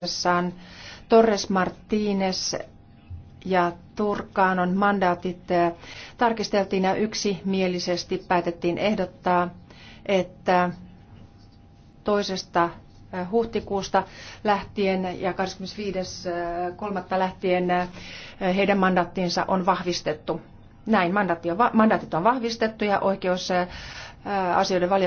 kokouksessaan Torres Martínez ja Turkaanon mandaatit tarkisteltiin ja yksimielisesti päätettiin ehdottaa, että toisesta huhtikuusta lähtien ja 25.3. lähtien heidän mandaattinsa on vahvistettu. Näin mandaatit on vahvistettu ja oikeusasioiden valiokunta